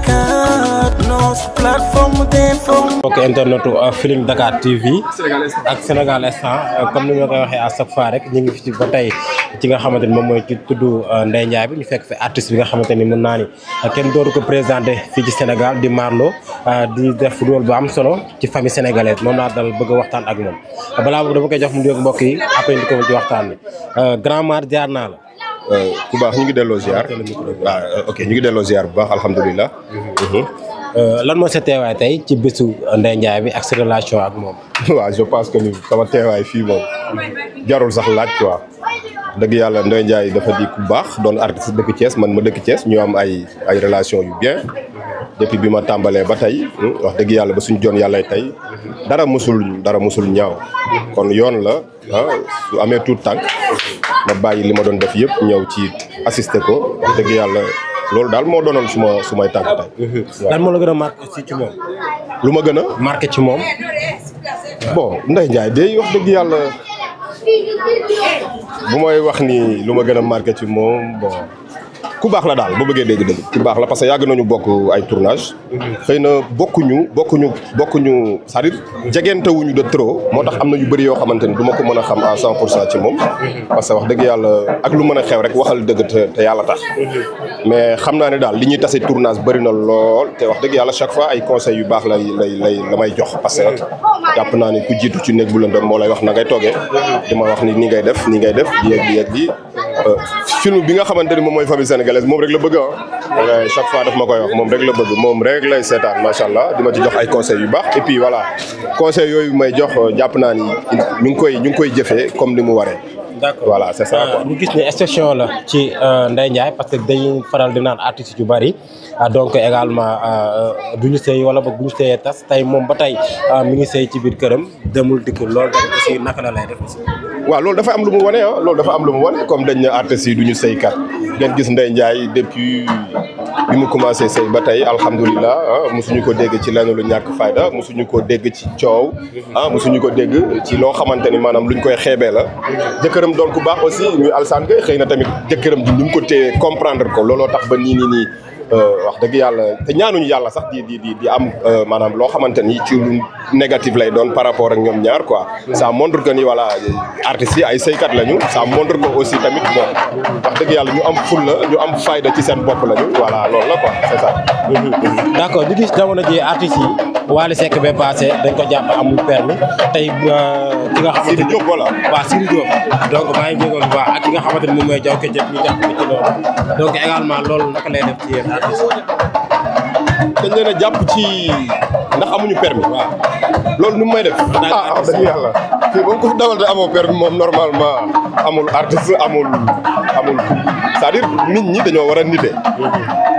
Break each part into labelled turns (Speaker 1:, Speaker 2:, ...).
Speaker 1: Dakar notre plateforme d'information.
Speaker 2: mbokk internetu euh, Feeling Dakar TV ak Sénégal Instant euh, comme ni ma koy waxee à chaque fois rek ñu ngi fi ci ba tey ci nga xamante ni moom mooy ci tudd euh, Ndeye Ndiaye bi ñu fekk fi artiste bi nga xamante ni mën naa ni kenn dooru ko présenté fii ci Sénégal di Marlo di def rôle bu am solo ci famille sénégalaise moom laa dal bëgg waxtaan ak moom balaa boobu dama koy jox mu nuyoog mbokk yi après ñu ko ci waxtaan bi grand Mar jaar naa la. ku euh, baax ñu ngi delloo ziar. waaw ah, ok ñu ngi delloo ziar bu baax alhamdulilah. Mhm. Euh, lan moo sa teewaay tey ci bisu Ndeye Ndiaye bi ak si relation ak moom. waaw je pense que ni sama teewaay fii moom jarul sax laaj quoi dëgg yàlla Ndeye Ndiaye dafa di ku baax doon artiste dëkk Thiès man ma dëkk Thiès ñu am ay ay relation yu bien. depuis bi ma tàmbalee ba tey hmm, wax dëgg yàlla ba suñu joon yàllay tey dara mosul dara mosul ñaaw kon yoon la su amee tuut tànk ma bàyyi li ma doon def yëpp ñëw ci assister ko wax dëgg yàlla loolu daal moo doonoon su ma su may tànk tey. lan moo la gën a marqué ci moom.
Speaker 1: lu ma gën a. marqué ci moom. bon
Speaker 2: Ndeye dëgg yàlla bu may wax ni lu ma gën a marqué ci ku baax la daal boo bëggee dégg-dégg ku baax la parce que yàgg nañu bokk ay tournage xëy na bokkuñu bokkuñu bokkuñu c'est-à-dire jegentewuñu de trop moo tax am na yu bëri yoo xamante ni du ko mën a xam à cent ci moom parce que wax dëgg yàlla ak lu mën a xew rek waxal dëgg te te yàlla tax mais xam naa ne daal li ñuy tase tournage bëri na lool te wax dëgg yàlla chaque fois ay conseils yu baax lay lay lay la may jox parce
Speaker 1: que naa ne
Speaker 2: ku jiitu ci néeg bu lëndëm moo lay wax na ngay toogee di ma wax ni ni ngay def ni ngay def di yegg di yegg film bi nga xamante ni moom mooy famille sénégalaise moom rek la bëgg ah. chaque fois daf ma koy wax moom rek la bëgg moom rek lay seetaan ma allah di ma ci jox ay conseils yu baax et puis voilà conseils yooyu may jox euh, jàpp naa ni ñu ngi koy ñu ngi koy jëfee comme ni mu waree. d'accord voilà c'est ça quoi. Euh, gis ne exception la ci euh, Ndeye Ndiaye parce que dañuy faral di naan artistes yu bari ah, donc également euh, du ñu sëy wala ba bu ñu sëyee tas tey moom ba tey mu ngi sëy ci biir këram demul dikk lool tamit aussi naka loolu dafa am lu mu wane ah loolu dafa am lu mu wane comme dañ ne artistes yi du ñu sëykat ngeen gis Ndeye Ndiaye depuis. bi mu commencé sëy ba tey alhamdulilah ah mosuñu ko dégg ci lenn lu ñàkk fayda mosuñu ko dégg ci coow ah mosuñu ko dégg ci loo xamante ni maanaam ñu koy xeebee la jëkkëram doon ku baax aussi muy alsaan ga xëy na tamit jëkkëram ji ni mu ko téye comprendre ko looloo tax ba nii nii nii Euh, wax dëgg yàlla te ñaanuñu yàlla sax di di di am euh, maanaam loo xamante ni ci lu négatif lay doon par rapport ak ñoom ñaar ko ça montre que ni voilà artistes yi ay sëykat lañu ça montre que aussi tamit bon wax dëgg yàlla ñu am ful la ñu am fayda ci seen bopp lañu voilà loolu la quoi c'est ça. d'accord ñu gis a ji artistes yi. Wally Seck ba passé dañ ko jàpp amul permis tey euh, ki xamante ni waaw Sidi Diop donc maa ngi jégal baax ak ki nga xamante ni moom mooy Diaw Ketchup ñu jàpp ko ci loolu donc également loolu naka lay def ci yéen artiste jàpp ci ndax amuñu permis waaw loolu nu may def ah dëgg ah, yàlla fii ba dawal te amoo permis moom amul artiste amul amul c'est-à-dire nit ñi dañoo war a nite mm-hmm.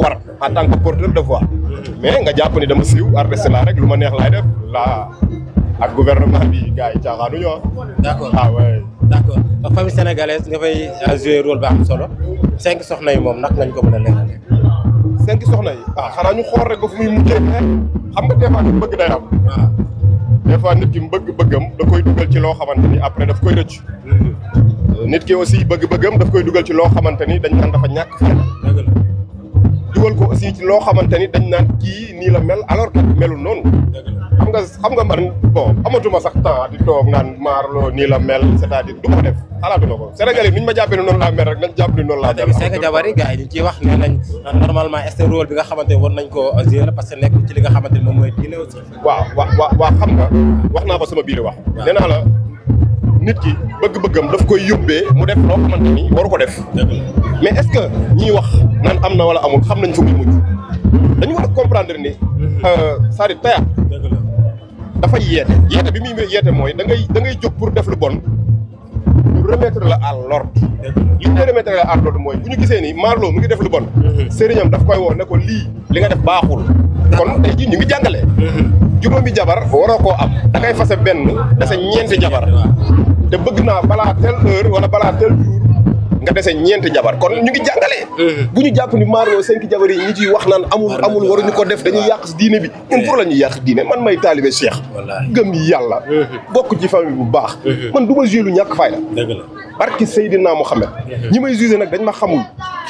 Speaker 2: war en tant que porteur mais nga jàpp ni dama siiw artiste laa rek lu ma neex laay def laa ak gouvernement bi gars yi caaxaanuñu ah. d' accord ah oui. d' nga fay jouer rôle ba am solo cinq soxna yi moom nak lañ ko mën a leeralal. cinq soxna yi ah xanaa ñu xool rek ba fu muy mujjee xam nga des fois nit bëgg day am. waaw des fois nit ki bëgg-bëggam da koy dugal ci loo xamante ni après daf koy rëcc. Mm-hmm. nit ki aussi bëgg-bëggam daf koy dugal ci loo xamante ni dañ naan dafa ñàkk xel. dugal ko aussi ci loo xamante ni dañ naan kii nii la mel alors que melul noonu. xam nga xam nga man bon amatuma sax temps di toog naan maarloo nii la mel c'est-à-dire du ko def xalaatuma ko Sénégal yi ni ñu ma jàppee noonu laa mel rek nañ jàpp ni noonu laa mel. Sega Jabar yi ñu ciy wax ne nañ normalement est rôle bi nga xamante ne nañ koo li nga xamante ne moom mooy diine aussi. waaw waaw waaw xam nga wax naa ko sama biir wax nee naa la. nit ki bëgg-bëggam daf koy yóbbee mu def loo xamante ni waru ko def mais est-ce que ñiy wax nan am na wala amul xam nañ fu muy mujj dañu war a comprendre ni mhm. euh, c'est-à-dire théâtre dafay yeete yeete bi muy yeete mooy da ngay da ngay jóg pour def lu bon ñu remettre la à l'ordre li ñu remettre la à ñu gisee ni Marlo mu ngi def lu bon mhm. sëriñam daf koy woo ne ko lii li nga def baaxul kon tey jii ñu ngi jàngalee mhm. juróomi jabar waroo koo am da ngay fase benn dese ñeenti jabar te bëgg naa balaa tel heure wala balaa tel jour nga dese ñeenti jabar kon ñu ngi jàngale. Mm-hmm. bu ñu jàpp ni Mario cinq jabar yi ñi ciy wax naan amul amul waruñu ko def dañuy yàq diine bi. ñun mm-hmm. pour la ñuy yàq diine man may taalibe Cheikh. gëm yàlla. Mm-hmm. bokk ci famille bu baax. man du ma lu ñàkk fayda. dëgg la barki Seydina Mohamed. ñi may jugé nag dañ ma xamul.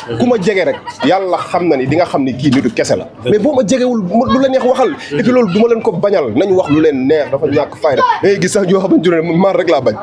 Speaker 2: ku ma jege rek yàlla xam na ni di nga xam ni kii nitu kese la mais boo ma jegewul lu la neex waxal et puis loolu du leen ko bañal nañ wax lu leen neex dafa ñàkk fayda eh, gis sax ñoo xamante ne maar rek laa bañ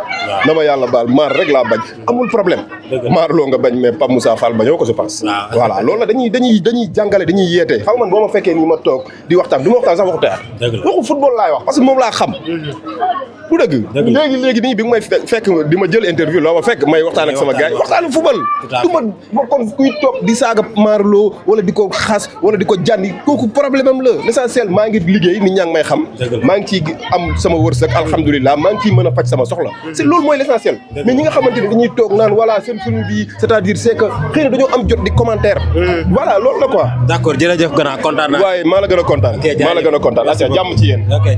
Speaker 2: na ma yàlla baal maar rek laa bañ amul problème maar loo nga bañ mais Pape Moussa Fall bañoo ko je pense voilà loolu la dañuy dañuy dañuy jàngale dañuy yeete xam man boo ma fekkee nii ma toog di waxtaan du ma waxtaan sax waxu théâtre waxu football laay wax parce moom laa xam mm-hmm. bu dëgg léegi léegi nii bi nga may fekk di ma jël interview loo ma fekk may waxtaan ak sama gars yi waxtaanu football du ma bokkoon kuy topp di saaga maarloo wala di ko xas wala di ko jànni kooku problème am la l'essentiel maa ngi liggéey nit ñaa ngi may xam maa ngi ciy am sama wërsëg alhamdulilah maa ngi ciy mën a faj sama soxla c'est loolu mooy l'essentiel mais ñi nga xamante ne dañuy toog naan voilà seen film bi c'est-à-dire c'est que xëy am di commentaire hmm. voilà loolu naa waaye maa la gën